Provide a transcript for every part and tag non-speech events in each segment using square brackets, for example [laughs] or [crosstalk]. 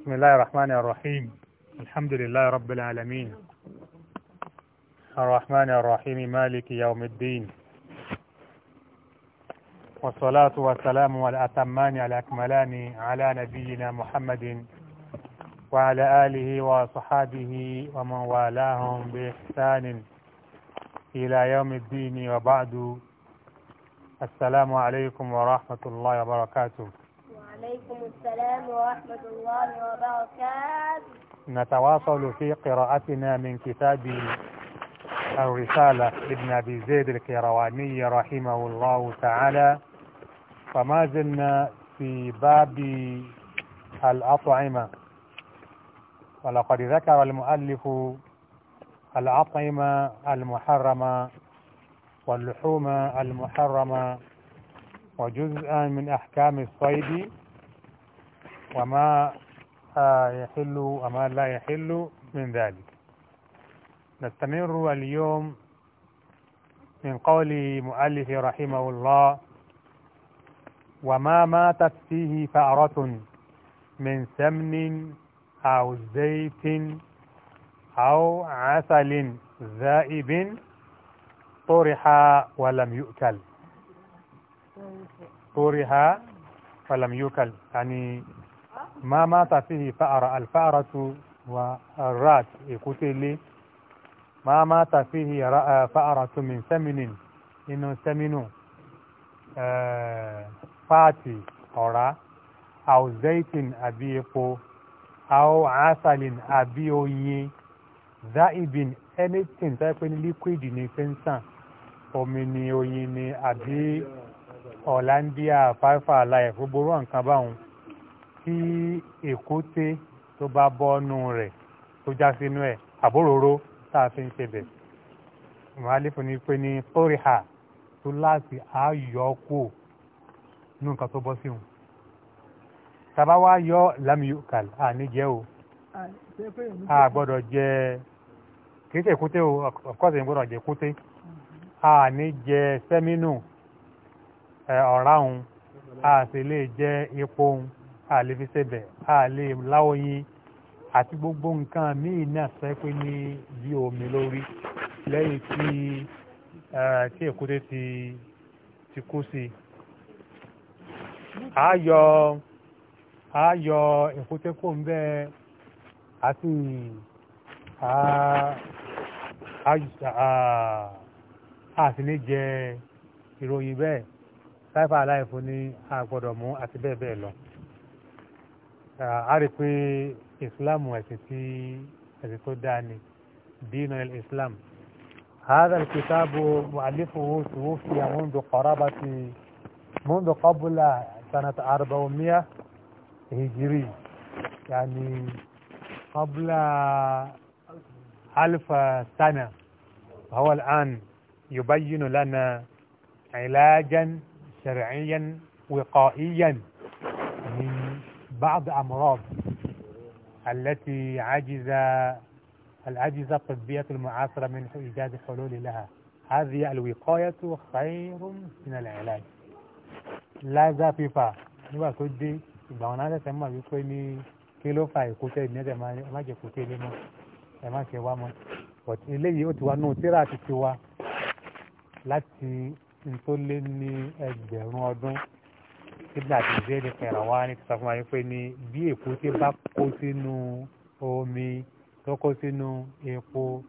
بسم الله الرحمن الرحيم الحمد لله رب العالمين الرحمن الرحيم مالك يوم الدين والصلاة والسلام والأتمان الأكملان على نبينا محمد وعلى آله وصحابه ومن والاهم بإحسان إلى يوم الدين وبعد السلام عليكم ورحمة الله وبركاته وعليكم السلام ورحمة الله وبركاته نتواصل في قراءتنا من كتاب الرسالة ابن أبي زيد الكيرواني رحمه الله تعالى فما زلنا في باب الأطعمة ولقد ذكر المؤلف الأطعمة المحرمة واللحوم المحرمة وجزءا من أحكام الصيد وما آه، يحل وما لا يحل من ذلك نستمر اليوم من قول مؤلف رحمه الله وما ماتت فيه فأرة من سمن أو زيت أو عسل ذائب طرح ولم يؤكل طرح ولم يؤكل يعني ما مات فيه فأرة الفأرة والرات يقتل ما مات فيه فأرة من ثمن إنه ثمن فاتي أرى أو زيت أبيقو أو عسل أبيوي ذائب anything tó yẹ pé ní liquid ní fẹ́ǹsàn omi ni oyin ni àbí ọ̀làndíà five alive gbogbo nǹkan báwọn tí èkúté tó bá bọ́nú rẹ̀ tó já sínú ẹ̀ àbóròró tá a fi ń ṣebẹ̀. ìmọ̀lẹ́fọ̀ ni pé ní kórìhà tó láti ààyò kù nínú nǹkan tó bọ́ sí wọn. tàbá wá yọ lamuyukal àníjẹ́ o a gbọ́dọ̀ jẹ kìí ṣe èkúté o ọ̀kọ́sì ń gbọ́dọ̀ jẹ èkúté àníjẹ sẹ́mínù ọ̀ráhùn a sì lè jẹ epo òun àlè fi ṣẹbẹ̀ àlè láwọyin àti gbogbo nǹkan míì náà sọ pé ní bí omi lórí lẹ́yìn tí tí èkúté ti ti kú sí a yọ a yọ èkúté kò ń bẹ àti a sì ní jẹ ìròyìn bẹ́ẹ̀ sáífà aláìfún ní a gbọ́dọ̀ mú àti bẹ́ẹ̀ bẹ́ẹ̀ lọ. a آه، إسلام pé islam ẹ̀sìn tí هذا الكتاب مؤلفه توفي منذ قرابة منذ قبل سنة 400 هجري يعني قبل ألف سنة هو الآن يبين لنا علاجا شرعيا وقائيا بعض أمراض التي عجز الأجهزة الطبية المعاصرة من إيجاد حلول لها هذه الوقاية خير من العلاج لا زفيفة نوا كودي دونا ده سما بيكويني كيلو فاي كوتي نيجا ما ما جي كوتي لما سما كي وامو وات يو توا نو تيرا تي توا لاتي نتولي ني أجدر نوادون ibùdó àti ìbéèrè kẹrànwá ní ti sọ fún wa pé ní bí èkúté bá kó sínú omi tó kó sínú epo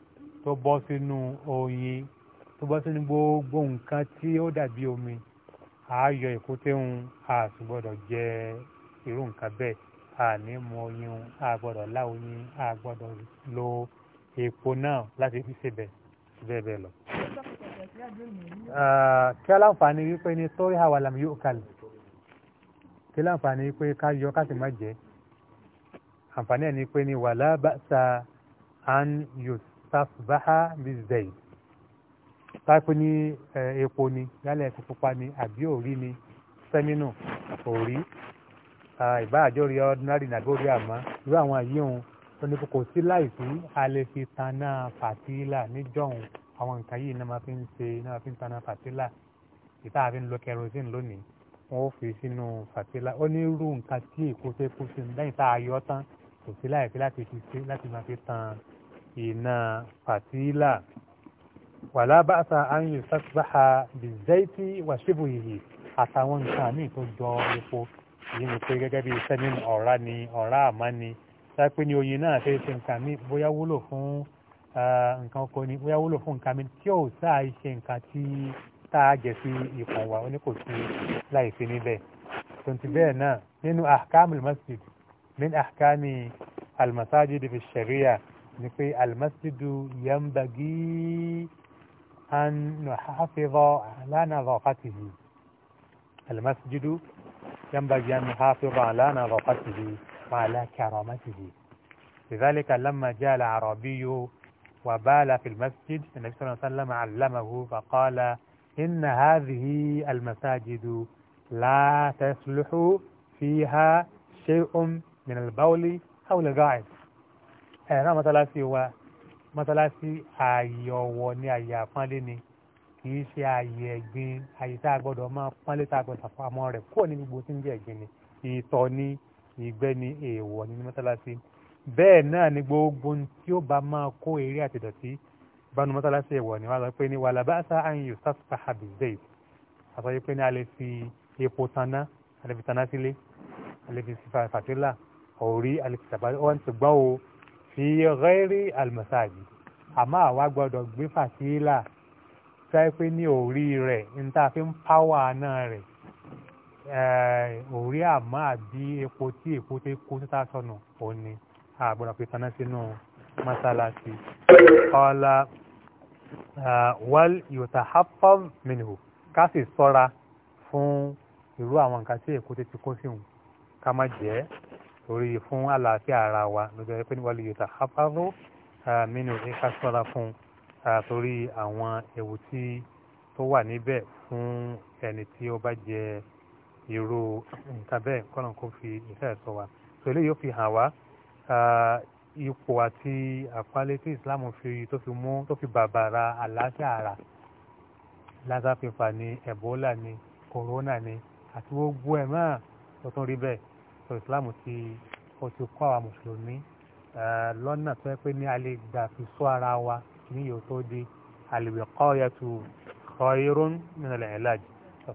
tó bọ́ sínú oyin tó bọ́ sínú gbogbo nǹkan tí ó dàbí omi àáyọ èkúté ń a sì gbọ́dọ̀ jẹ irú nǹkan bẹ́ẹ̀ àní mu oyin a gbọ́dọ̀ lá oyin a gbọ́dọ̀ lo epo náà láti fi ṣèbẹ̀ bẹ́ẹ̀ bẹ́ẹ̀ lọ. kí aláǹfààní wípé ní torí àwa làmì yóò kalẹ̀ kí láǹfààní pé ká yọ ká sì má jẹ àǹfààní ẹ̀ ni pé ni wàlá bàtà an yusafbaha bi zayd táìpé ní epo ni yálẹ̀ epo pupa ni àbí òrí ni sẹ́mínù òrí ìbá àjọrí ordinary nàgbórí àmọ́ irú àwọn àyíhun tó ní kò sí láìsí a lè fi taná fàtílà níjọ́hun àwọn nǹkan yìí náà máa fi ń ṣe náà máa fi ń taná fàtílà ìta àfi ń lo kerosene lónìí wọn ó fi sínú fàtílà ó ní irú nǹkan tí èkó fẹ́ kó sínú lẹ́yìn tá a yọ tán kò sí láì fi láti fi ṣe láti máa fi tan iná fàtílà wàlá bá a sa àyùn ìfẹ́sibáha bìzẹ́ẹ̀tì wàṣíbù yìí àtàwọn nǹkan míì tó jọ epo yìí ni pé gẹ́gẹ́ bí iṣẹ́ nínú ọ̀rá ni ọ̀rá àmá ni sápé ní oyin náà ṣe ṣe nǹkan míì bóyá wúlò fún ah, nǹkan oko ni bóyá wúlò fún nǹkan míì tí ò sáà ṣe nǹkan tí tá a jẹ sí ikùn wa ó ní kò sí láìsí níbẹ̀ tonti bẹ́ẹ̀ náà nínú ahkam almasjid min ahkami almasajid fi sharia ni pé almasjidu yambagi an nuhafiza ala nadhafatihi almasjidu ينبغي أن نحافظ على نظافته وعلى كرامته لذلك لما جاء العربي وبال في المسجد النبي صلى الله عليه وسلم علمه فقال إن هذه المساجد لا تصلح فيها شيء من البول أو الغائط أنا mọ́sálásí wa mọ́sálásí ààyè ọ̀wọ̀ ni ààyè àpọ́nlé ni kìí ṣe ààyè ẹ̀gbin ààyè tá a gbọ́dọ̀ máa pọ́nlé tá a gbọ́dọ̀ fàmọ́ rẹ̀ kúrò ní gbogbo tí ń jẹ́ ẹ̀gbin ni ìtọ̀ ni ìgbẹ́ ni èèwọ̀ ni mọ́sálásí bẹ́ẹ̀ náà ni gbogbo tí ó bá máa kó eré àtìdọ̀tí bánu mọ́sálásí ẹ̀wọ̀ ni wọ́n sọ pé ní wàlábàṣà àyìn sàfà àbìzẹ́yì àsọ yìí pé ní alẹ́ fi epo taná alẹ́ fi taná sílé alẹ́ fi fàtílà ọ̀rí alẹ́ fi sàbà wọ́n ti gbọ́ o fi rẹ́rì àlùmọ́sáàjì àmọ́ àwa gbọ́dọ̀ gbé fàtílà sáyé pé ní òrí rẹ̀ ní tá a fi ń páwà náà rẹ̀ òrí àmọ́ àbí epo tí epo tó kó tó tá a sọnù òní àgbọ̀dọ̀ fi taná sínú mọ́sálásí. ọ̀la wal yutahaffaz minhu ká sì sọ́ra fún irú àwọn nǹkan tí èkó tètè kó sí òun ká má jẹ́ torí fún àlàáfíà ara wa lọ́jọ́ pé wal yutahaffaz minhu ká sọ́ra fún torí àwọn ewu tí tó wà níbẹ̀ fún ẹni tí ó bá jẹ irú nǹkan bẹ́ẹ̀ kọ́nà kó fi ìfẹ́ sọ wa tòlẹ́ yóò fi hàn wá ipò àti àpálẹ́ tí islam fi tó fi mú tó fi bàbàrà àlàáfíà ara laser paper ni ebola ni corona ni àti gbogbo ẹ̀ náà tó tún rí bẹ́ẹ̀ sọ islam ti ó ti kọ́ àwa mùsùlùmí lọ́nà tó yẹ pé ní a lè gbà fi sọ ara wa ní yóò tó di al-wiqayatu khayrun min al-ilaj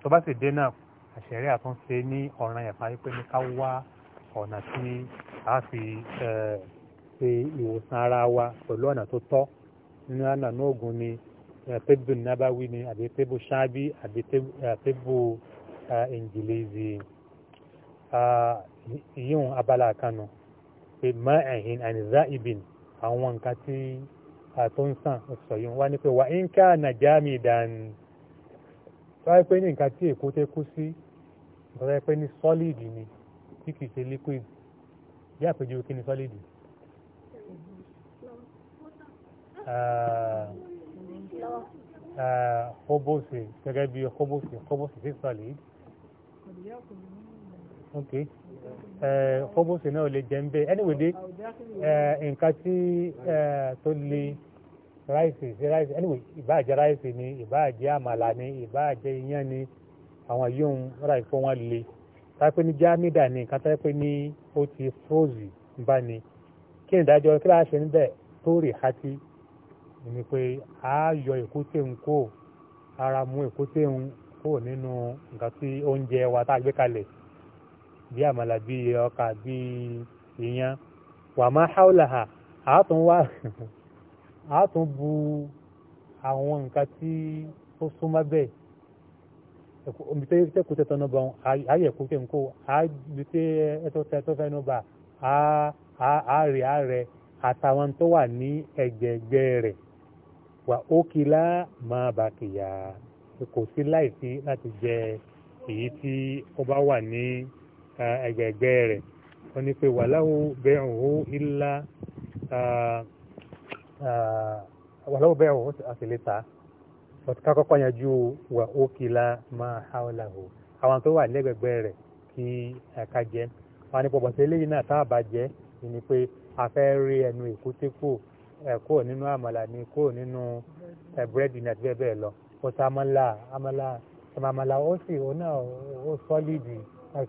tó bá sì dé náà àṣẹ̀rí àtúnṣe ní ọ̀ràn ẹ̀fà yìí pé ní ká wá ọ̀nà tí a fi ṣe ìwòsàn ara wa pẹ̀lú ọ̀nà tó tọ́ nínú ọ̀nà náà oògùn ni tébù nábàwí ni àbí tébù ṣáàbí àbí tébù ìngìlẹ́sì yíyún abala kanu pé má ẹ̀hìn àníza ìbìn àwọn nǹkan tí tó ń sàn sọ yìí wá ní pé wà ń ká nàjámì dání tó wáyé pé ní nǹkan tí èkó tẹ́ kú sí wáyé pé ní sọ́lìdì ni tí kìí ṣe liquid bí àpèjúwe kí ni sọ́lìdì. kóbósì gẹ́gẹ́ bí kóbósì kóbósì sí solid ok kóbósì náà lè jẹ́ ń bẹ́ ẹniwèdè nǹkan tí tó le ráìsì sí ráìsì anyway ìbáàjẹ́ ráìsì ni ìbáàjẹ́ àmàlà ni ìbáàjẹ́ iyán ni àwọn yóò ń ráì fún wọn le táyẹ̀pẹ́ ní jámídà ni nǹkan táyẹ̀pẹ́ ní ó ti frozen bá ni ni pé a yọ èkúté ń kó ara mú èkúté ń kó nínú nǹkan tí wa tá a gbé kalẹ̀ bí àmàlà bí ọkà bí ìyàn wà má a wá [laughs] bu àwọn nǹkan tí ó súnmọ́ bẹ́ẹ̀ omi tẹ́ tẹ́ tọ́nà bọ́n ayẹ̀ kúté ń kó ibi tí tẹ́ nù bá wa ó ma máa bá kìyà kò sí láìsí láti jẹ èyí tí ó bá wà ní ẹgbẹ̀ẹ̀gbẹ́ rẹ̀ wọ́n ní pé wàláwo bẹ́ẹ̀hó ilá wàláwo bẹ́ẹ̀hó àtìlẹ́ta ọ̀tíká kọ́kọ́ yanjú wà ó kila máa háwọ́láhó àwọn tó wà lẹ́gbẹ̀ẹ́gbẹ́ rẹ̀ kí ẹ̀ka jẹ́ wọn ni pọ̀pọ̀ sí eléyìí náà tá a bá jẹ́ ni pé a fẹ́ rí ẹnu èkúté kù kúrò nínú àmàlà ni kúrò nínú búrẹ́dì ní bẹ́ẹ̀ bẹ́ẹ̀ lọ ọ̀tá amala, àmàlà amala ó sì ó náà ó sọ́lìdì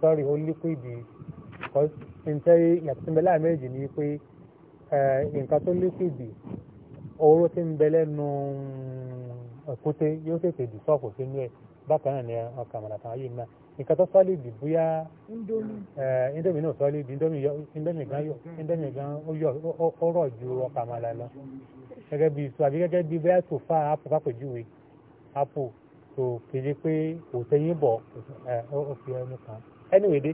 sorry ó líkwìdì ǹjẹ́ yàtọ̀ tí ń bẹ láàrin méjì ni pé nǹkan tó líkwìdì oró tí ń bẹ lẹ́nu òkúté yóò tètè dì sọ́ọ̀kù sínú ẹ̀ bákan náà ni ọkàn àmàlà kan yìí náà nǹkan tó sọ́lìdì bóyá indomi eh, náà sọ́lìdì indomi gan ó rọ̀ ju ọkà màlà lọ gẹ́gẹ́ bí iṣu àbí gẹ́gẹ́ bí bóyá tó fa apu kápẹ́júwe apu tó kéde pé kò tẹ́yìn bọ̀ eh, ó fi ẹnu kan anyway dé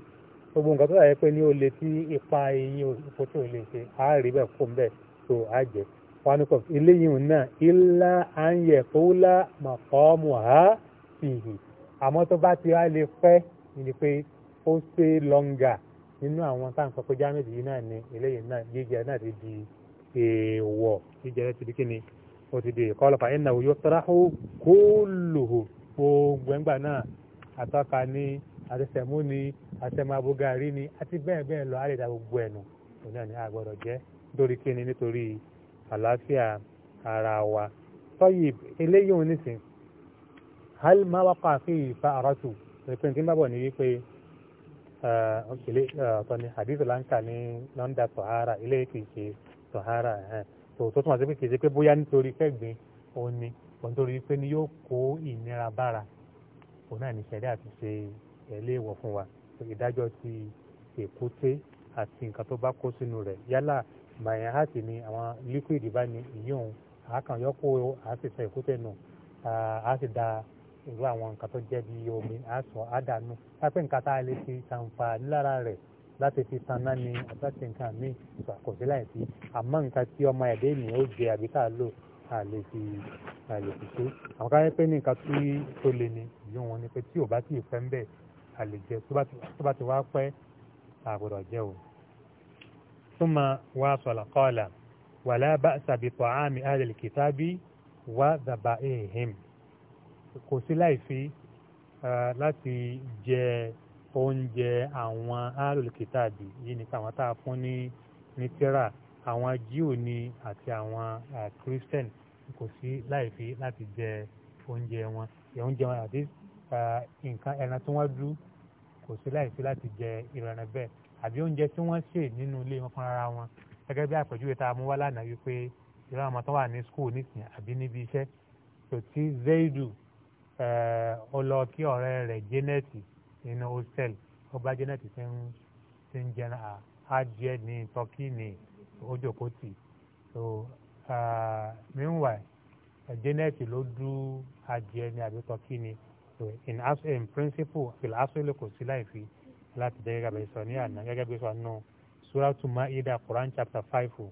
gbogbo nǹkan tó dàbí pé ní o lè ti ipa eyín oko tí o lè ṣe á rí bẹ́ẹ̀ kó bẹ́ẹ̀ tó á jẹ́ wọn kọ eléyìí náà ilá à ń yẹ kó lá màkọ́ mu ha fìhì àmọ́ tó bá ti wá lè pẹ́ ni pé ó ṣe lọ́ngà nínú àwọn tá à ń sọ pé jámẹ́tì yìí náà ni eléyìí náà jíjẹ náà ti di èèwọ̀ jíjẹ náà ti di kíni ó ti di ìkọlọpàá ẹ̀ náà yóò tọ́ra ó kó lòhò gbogbo ẹ̀ngbà náà àtọ́ka ní àtẹ̀sẹ̀mú ni àtẹ̀mábógarí ni àti bẹ́ẹ̀ bẹ́ẹ̀ lọ àlè dá gbogbo ẹ̀nu òun náà ni a gbọ́dọ̀ jẹ́ lórí kíni nítorí àlàáfíà ara wa tọ́yì eléyìí òun nísìnyí hal ma wákà fi ìfà àrọ́tù pé tí ń bá bọ̀ ní wípé ilé ọ̀tọ̀ ni àdìsí láǹkà ní lọ́ndà tọ̀hárà ilé kìí ṣe tọ̀hárà tó tó túmọ̀ sí pé kìí ṣe pé bóyá nítorí kẹ́gbìn òun ni òun tó rí pé ni yóò kó ìnira bára òun náà ní ṣẹ̀dá àti ṣe ẹ̀lẹ́ ìwọ̀ fún wa ìdájọ́ ti èkúté àti nǹkan tó bá kó sínú rẹ̀ yálà mayahati ni àwọn liquid bá ní ìyóhun àákàn yọkó àásìsọ èkúté nù àásì da irú àwọn nǹkan tó jẹ́ bí omi àásọ àdánù pápẹ́ nǹkan tá a lè fi ṣàǹfààní lára rẹ̀ láti fi sanná ni àtàtì nǹkan míì kò sí láì àmọ́ nǹkan tí ọmọ ẹ̀dẹ́ ènìyàn ó jẹ àbí tá lò a lè fi a lè fi ṣe àwọn kan pé ní nǹkan tí tó le ni ìyún wọn ni pé tí ò bá tí ì pẹ́ ń bẹ̀ a lè jẹ tó bá ti wá pẹ́ àgbọ̀dọ̀ jẹ o. ثم واصل قال ولا بأس بطعام أهل الكتاب وذبائهم kò sí láìfí láti jẹ oúnjẹ àwọn alùkìtàbí yìí ni àwọn tá a fún ní ní tírà àwọn jíò ni àti àwọn kírísítẹ̀n kò sí láìfí láti jẹ oúnjẹ wọn oúnjẹ wọn àti nǹkan ẹran tí wọ́n dú kò sí láìfí láti jẹ ìrànà bẹ́ẹ̀ àbí oúnjẹ tí wọ́n ṣe nínú ilé wọn fúnra wọn gẹ́gẹ́ bí àpèjúwe tá a mú wá lánàá wípé ìran ọmọ tó wà ní skul nísìnyí àbí níbi iṣẹ́ tòtí zaidu ó eh, lọ kí ọ̀rẹ́ rẹ̀ janet nínú hostel ó bá janet ti ń jẹun adìẹ ní turkey ní ojokoti so meanwhile janet ló dú adìẹ ní àbí turkey ní so in, in principle fìlà asọ́lẹ̀ kò sí láì fi láti jẹ́ gẹ́gẹ́ bí sọ ní àná gẹ́gẹ́ bí sọ nù suratu maida quran chapter five uh,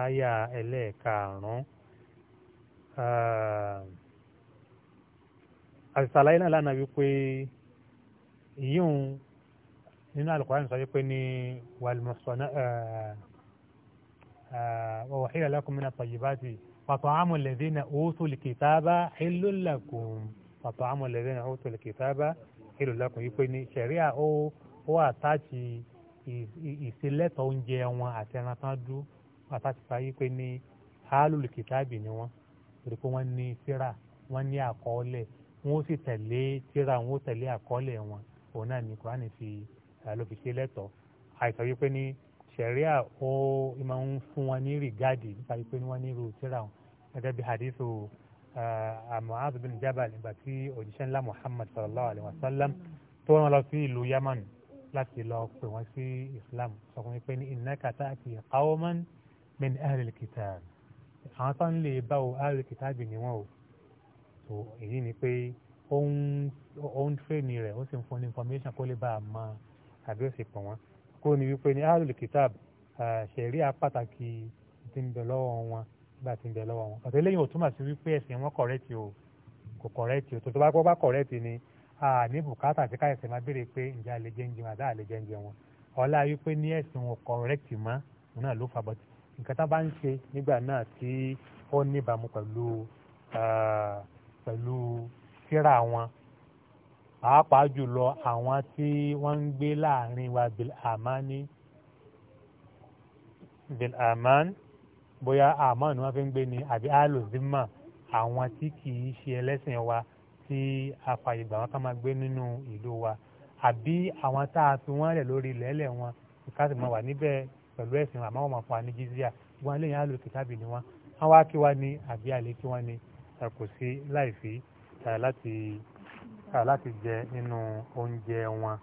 aya ẹlẹ́ẹ̀karùn-ún. Uh, àṣàlàyé náà lánàá wípé ìyíhun nínú alukóran sọ wípé ní wàlmọ̀sánà وأحل لكم من الطيبات فطعام الذين أوتوا الكتاب حل لكم فطعام الذين أوتوا الكتاب حل لكم يكون شريعة أو أو أتاتي ìsílẹ̀tọ̀ oúnjẹ wọn àti ẹran tán dú àtàtì sáyé pé ní hálùlù kìtàbì ni wọn torí pé wọ́n ní síra wọ́n ní àkọọ́lẹ̀ wọn ó sì tẹ̀lé tíra wọn ó tẹ̀lé àkọọ́lẹ̀ wọn òun náà ní kúránì fi ló fi ṣe lẹ́tọ̀ọ́ àìsàn wípé ní sẹ̀ríà ó máa ń fún wọn ní rìgáàdì nípa wípé wọ́n ní tíra wọn gẹ́gẹ́ bí hadithu Mu'adh bin Jabal nígbà tí òjíṣẹ́ ńlá Muhammad sallallahu alayhi wa sallam tó wọn lọ sí ìlú Yaman láti lọ pè wọ́n sí Islam sọ fún mi pé ní innaka ta'ti qawman min ahlil kitab àwọn tó lè bá o ahlil kitab ni wọ́n o so èyí ni pé ó ń tírénì rẹ̀ ó sì ń fún ní information kó lè bá a mọ àbí òsì pọ̀ wọ́n kó ní wípé ní alul kitab ṣẹ̀rí apàtàkì ti ń bẹ lọ́wọ́ wọn nígbà tí ń bẹ lọ́wọ́ wọn ọ̀tọ̀ eléyìí ò túmọ̀ sí wípé ẹ̀sìn wọn kọ̀rẹ́tì o kò kọ̀rẹ́tì o tó tó bá gbọ́ bá kọ̀rẹ́tì ni ní bùkátà tí káyọ̀sẹ̀ máa béèrè pé ǹjẹ́ àlè jẹ́ ǹjẹ́ àdá àlè jẹ́ ǹjẹ́ wọn ọ̀la wípé ní ẹ̀sìn wọn kọ̀rẹ́tì mọ́ òun náà ló fà bọ́tì nǹkan tá bá ń ṣe nígbà náà tí ó níbàámu pẹ̀lú pẹ̀lú tírà wọn pàápàá jùlọ àwọn tí wọ́n ń gbé láàrin wa bilamani bilaman bóyá àmọ́ ni wọ́n fi ń gbé ni àbí alozima àwọn tí kì í ṣe ẹlẹ́sìn wa tí àfààyè gbà wọ́n ká máa gbé nínú ìlú wa àbí àwọn tá a fi wọ́n rẹ̀ lórí ilẹ̀ẹ́lẹ̀ wọn ká sì máa wà níbẹ̀ pẹ̀lú ẹ̀sìn àmọ́ wọn máa fún wa ní jizíà wọn lẹ́yìn alòkìtàbí ni wọn wọn wá kí wa ni àbí àlékí wọn ni kò sí láì fi láti jẹ nínú oúnjẹ wọn.